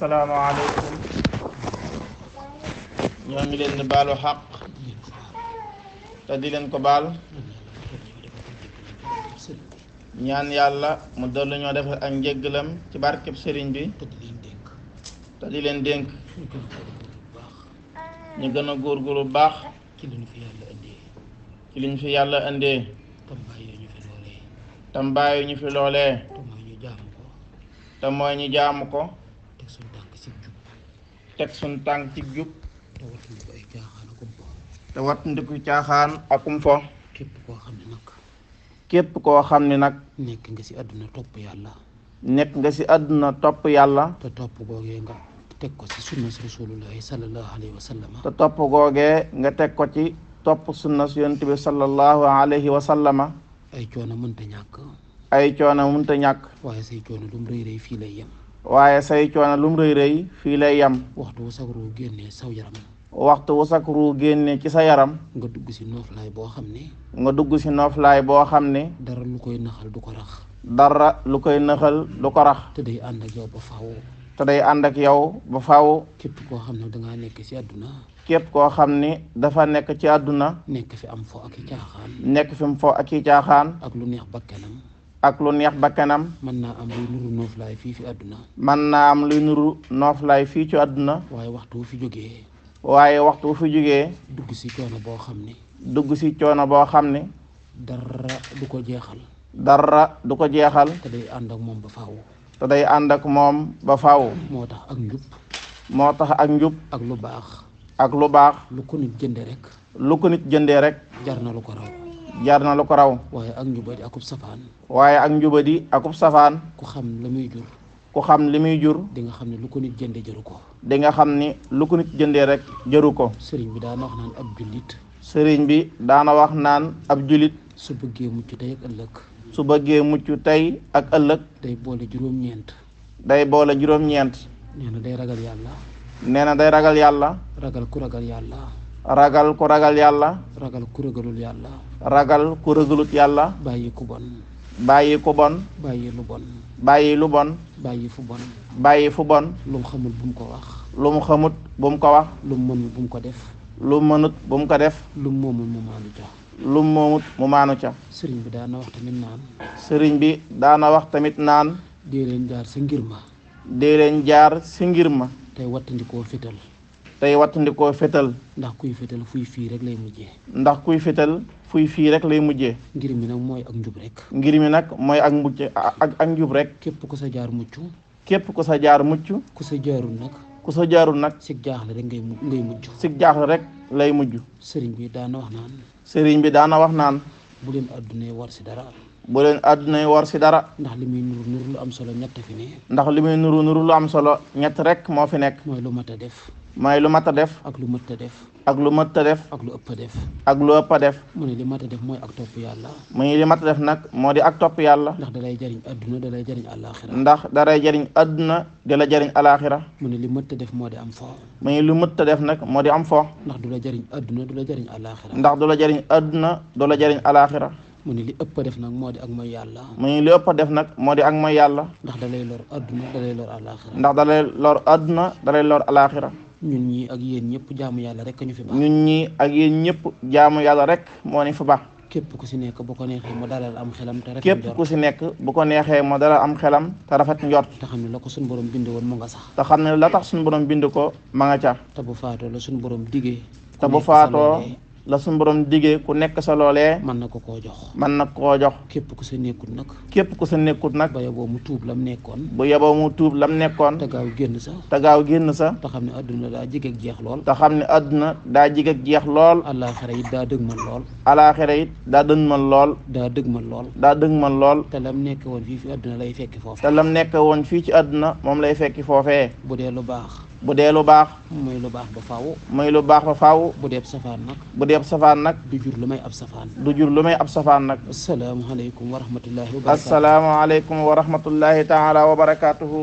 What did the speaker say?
salaamaaleykum ñoo ngi leen baalu xaq te di leen ko baal ñaan yàlla mu dolli ñoo defal ak njéggalam ci barkeb sëriñ bi te di leen dénk ñu gën a góorgóorlu baax ci li ñu fi yàlla indee ci li ñu fi yàlla indee ñu fi loolee te mooy ñu jaamu ko teg suñ tànk ci jub. te wattandiku ay caaxaan akum fo. fo. képp koo xam ne nag. képp koo xam ne nag. nekk nga si àdduna topp yàlla. nekk nga si àdduna topp yàlla. te topp googee nga teg ko ci sunna si rasulullahi sallallahu alayhi nga teg ko ci topp sunna si yonent bi sallallahu alayhi wa sallama. ay coono mënta ñàkk. ay coono mënta ñàkk. waaye say coono lu mu rëy rëy fii lay waaye say coono lum rëy rëy fii lay yam waxtu wu sag ruu saw yaram waxtu wu sag ruu génnee ci sa yaram nga dugg si nooflaay boo xam ne nga dugg si nooflaay boo xam ne dara lu koy naxal du ko rax dara lu koy naxal du ko rax te day ànd ak yow ba faaw te day ànd ak yow ba faw képp koo xam ne dangaa nekk si àdduna képp koo xam ni dafa nekk ci àdduna nekk fi am fo ak i caaxaan nekk fi fo ak i caaxaan ak lu neex bakkanam ak lu neex bakkanam mën na am luy nuru nooflaay fii ci àdduna mën naa am luy nuru nooflaay fii ci àdduna waaye waxtu wu fi jógee waaye waxtu wu fi jógee dugg si coono boo xam ne dugg si coono boo xam ne dara du ko jeexal dara du ko jeexal te day ànd ak moom ba faaw te day ànd ak moom ba faaw moo tax ak njub moo tax ak njub ak lu baax ak lu baax lu ko nit rek lu ko nit rek jar na lu ko raw jaar na lu ko raw. waaye ak njubadi akub safaan. waaye ak njubadi akub safaan. ku xam la muy jur. ku xam li muy jur. di nga xam ne lu ko nit jëndee jëru ko. di xam ni lu ko nit jëndee rek jëru ko. sëriñ bi daana wax naan ab jullit. sëriñ bi daana wax naan ab julit su bëggee mucc tey ak ëllëg. su bëggee mucc tey ak ëllëg. day boole juróom-ñeent. day boole juróom-ñeent. nee day ragal yàlla. nee day ragal yàlla. ragal ku ragal yàlla. ragal ku ragal yàlla. ragal ku ragalul yàlla. ragal ku ragalut yàlla. bàyyi ku bon. bàyyi ku bon. bàyyi lu bon. bàyyi lu bon. bàyyi fu bon. bàyyi fu bon. lu mu xamul bu mu ko wax. lu mu xamut bu mu ko wax. lu mu mënul bu mu ko def. lu mu mënut bu mu ko def. lu mu moomul mu maanu ca. lu mu moomut mu maanu ca. sëriñ bi daana wax tamit naan. sëriñ bi daana wax tamit naan. dee leen jaar sa ngir ma. dee leen jaar sa ngir ma. tey wattandikoo fital. tey wattandikoo fetal ndax kuy fetal fuy fii rek lay mujjee ndax kuy fetal fuy fii rek lay mujjee ngir mi nag mooy ak njub rek ngir mi nag mooy ak mucc ak ak njub rek képp ku sa jaar mucc képp ku sa jaar mucc ku sa jaarul nag ku sa jaarul nag sig jaaxle rek ngay ngay mujj sig jaaxle rek lay mujj sëriñ bi daana wax naan sëriñ bi daana wax naan bu leen addunay war si dara bu leen àdduna war si dara. ndax li muy lu am solo ñett fi ne. ndax li muy nuru nuru lu am solo ñett rek moo fi nekk. mooy lu mat a def. mooy lu mat a def. ak lu mat def. ak lu mat def. ak lu ëpp def. ak lu ëpp def. mu ne li a def mooy ak topp yàlla. mu ne def nag moo di ak topp yàlla. ndax dalay jariñ àdduna dalay jariñ alaaxira. ndax dalay jariñ àdduna dala jariñ alaaxira. mu ne li mat def moo di am fo. mu ne lu mat a def nag moo di am fo. ndax du la jariñ àdduna du la jariñ alaaxira. ndax du la àdduna du la jariñ mu ni li ëpp a def nag moo di ak mooy yàlla ni li ëpp a moo di ak mooy yàlla ndax da lay lor adduna da lay lor alaxira ndax da lay lor adduna da lay lor alaxira ñun ñi ak yéen ñëpp jaamu yàlla rek ñu fi baax ñi ak yéen ñëpp jaamu yàlla rek moo ni fi baax képp ku si nekk bu ko neexee mu dalal am xelam te rafet njort képp si nekk bu ko neexee mu dalal am xelam te rafet njort te xam ne la ko suñu borom bind woon mu nga sax te xam ne la tax suñu borom bind ko ma nga ca te bu faatoo la suñu borom digee te la suñu borom digee ku nekk sa loolee mën na ko koo jox man na koo jox képp ku sa nekkut nag képp ku sa nekkut nag ba yeboo mu tuub lam nekkoon bu yeboo mu tuub lam nekkoon te gaaw génn sax te gaaw génn sax te xam ne adduna daa jig jeex lool te xam ne adduna daa jig jeex lool alaaxira it daa dëgmal lool alaaxira it daa dëgmal lool daa dëgmal lool daa dëgmal lool te lam nekk woon fii fi àdduna lay fekki foofe te lam nekkee woon fii ci àdduna moom lay fekki foofee bu dee lu baax bu dee lu baax muy lu baax ba faaw muy lu baax ba faaw bu deeb safaan nag bu deeb safaan nag du jur lu may ab safaan du jur lu may ab safaan nag asalaamaaleykum wa rahmatullahi wa barakaatuhu asalaamaaleykum wa rahmatullahi taala wa barakaatuhu